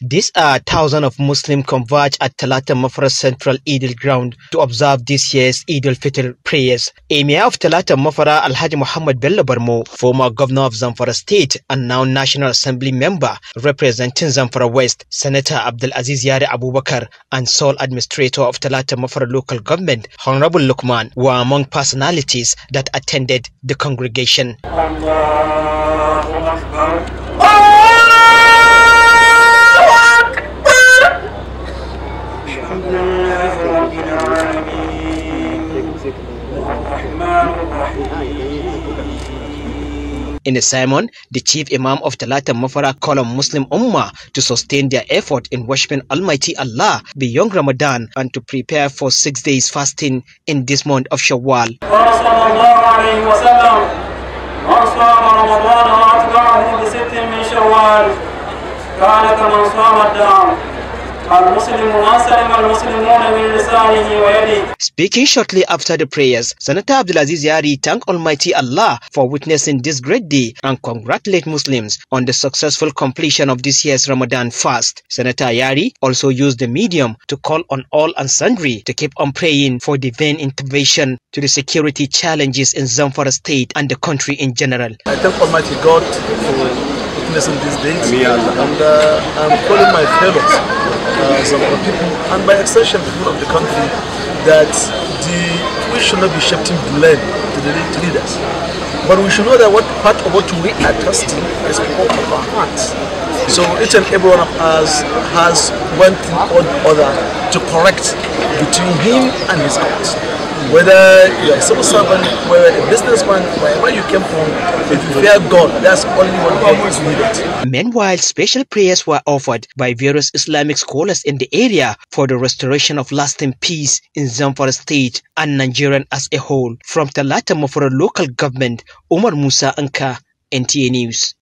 These are thousands of Muslims converge at Talatat Mafra Central Eid Ground to observe this year's Eid al-Fitr prayers. Emir of Talatat Mafra Alhaji Muhammad Bello Barmo, former governor of Zamfara State and now National Assembly member representing Zamfara West, Senator Abdul Aziz Yari Abubakar and sole administrator of Talatat Mafra local government, Honorable Lukman, were among personalities that attended the congregation. الحمد لله رب العالمين الرحمن In the sermon, the chief imam of Talata Mafara called on Muslim Ummah to sustain their effort in worshiping Almighty Allah beyond Ramadan and to prepare for six days fasting in this month of Shawwal. Speaking shortly after the prayers, Senator Abdulaziz Yari thanked Almighty Allah for witnessing this great day and congratulate Muslims on the successful completion of this year's Ramadan fast. Senator Yari also used the medium to call on all and sundry to keep on praying for divine intervention to the security challenges in Zamfara state and the country in general. I thank Almighty God for witnessing these days. And uh, I'm calling my fellows, uh, some of the people, and by extension, people of the country, that the, we should not be shifting blame to the to leaders. But we should know that what part of what we are trusting is part of our hearts. So each and every one of us has one thing or the other to correct between him and his God. Whether you're a civil servant, whether a businessman, wherever you came from, if you fear God, that's only what God needed. Meanwhile, special prayers were offered by various Islamic scholars in the area for the restoration of lasting peace in Zamfara state and Nigerian as a whole. From for a local government, Omar Musa Anka, NTA News.